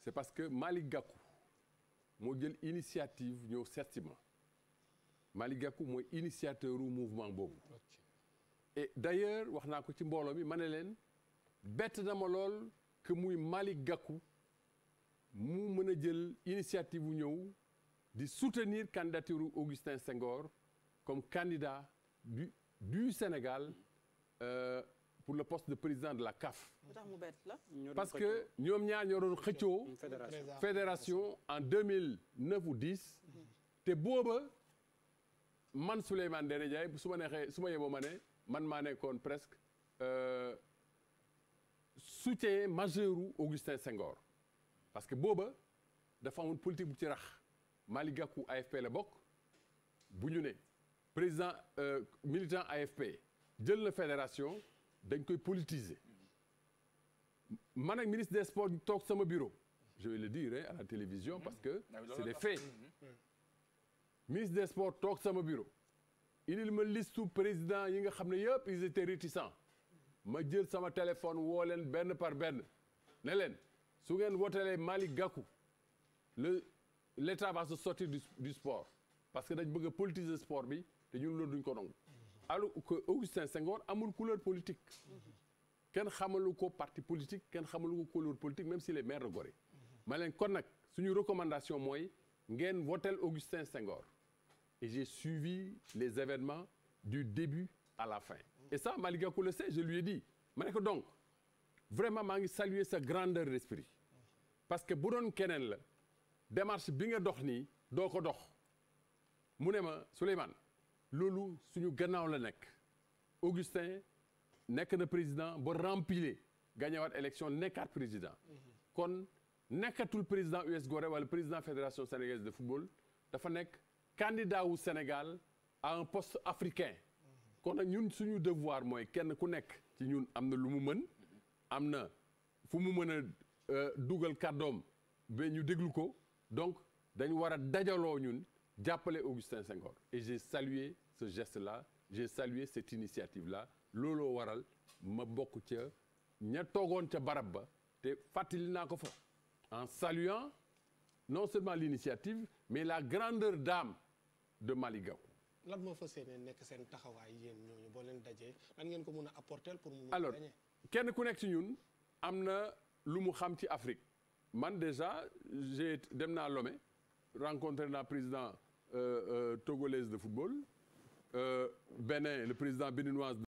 c'est parce que Malick gàkku moo jël initiative ñëw seet si ma Malick Gakou mooy initiateur u mouvement boobu et wax naa ko ci mbooloo mi ma ne leen bett na ma lool que muy Malick gàkku mu mën a jël initiative wu ñëw di soutenir candidature Augustin Senghor comme candidat du du Sénégal euh, pour le de président de la CAF. parce que ñoom ñaar ñoo doon xëccoo. fédération en 2009 ou 10. te booba man Souleymane Ndéné Ndiaye su ma neexee su ma yeboo ma ne man maa nekkoon presque euh, soutien majeur u Augustin Senghor. parce que booba dafa amoon politique bu ci rax Malick Gakou AFP la bokk bu ñu ne président euh, militant AFP jël na fédération. dañ koy politiser man ak ministre des sports toog sama bureau je vais le dire la télévision mmh. parce que ah c'est des faits mmh. Mmh. ministre des sport toog sama bureau il ma listu président yi nga xam ne yëpp ils étaient réticents ma jël sama téléphone woo leen benn par benn ne leen su ngeen wotelee Malick Gakou le l'état va se sortir du, sport parce que dañ bëgg a politiser sport bi te ñun loolu duñ ko nangu alors que Augustin Senghor amul couleur politique kenn xamalu ko parti politique kenn xamalu ko couleur politique même si est maire de Gorée ma leen kon nag suñu recommandation mooy ngeen votel Augustin Senghor et j'ai suivi les événements du début à la fin et ça Malick Gakou le sait je lui ai dit ma ne donc vraiment maa ngi saluer sa grandeur d'esprit parce que bu doon keneen la démarche bi nga dox nii doo ko dox mu ne ma Souleymane loolu suñu gannaaw la nekk Augustin nekk na président ba rempiler gagnewaat élection nekkaat président mhm. kon nekkatul président US Gorée wala président fédération sénégalaise de football dafa nekk candidat wu Sénégal à un poste africain mhm. kon nag ñun suñu devoir mooy kenn ku nekk ci ñun am na lu mu mën am na fu mu mën a euh, dugal kàddoom be ñu déglu ko donc dañu war a dajaloo ñun jàppale Augustin Senghor et j'ai salué ce geste-là j'ai salué cette initiative la looloo waral ma bokk ca ña toogoon ca barab ba te fàttali naa ko fa en saluant non seulement l'initiative mais la grandeur daam de Malick Gakou lan moo fas yéene nekk seen taxawaay yéen ñooñu boo leen dajee lan ngeen ko mën a apporter pour mu alors kenn ku nekk ci ñun am na lu mu xam ci Afrique man déjà j'ai dem naa lome rencontré naa président Euh, euh, togolaise de football euh, Bénin le président béninoise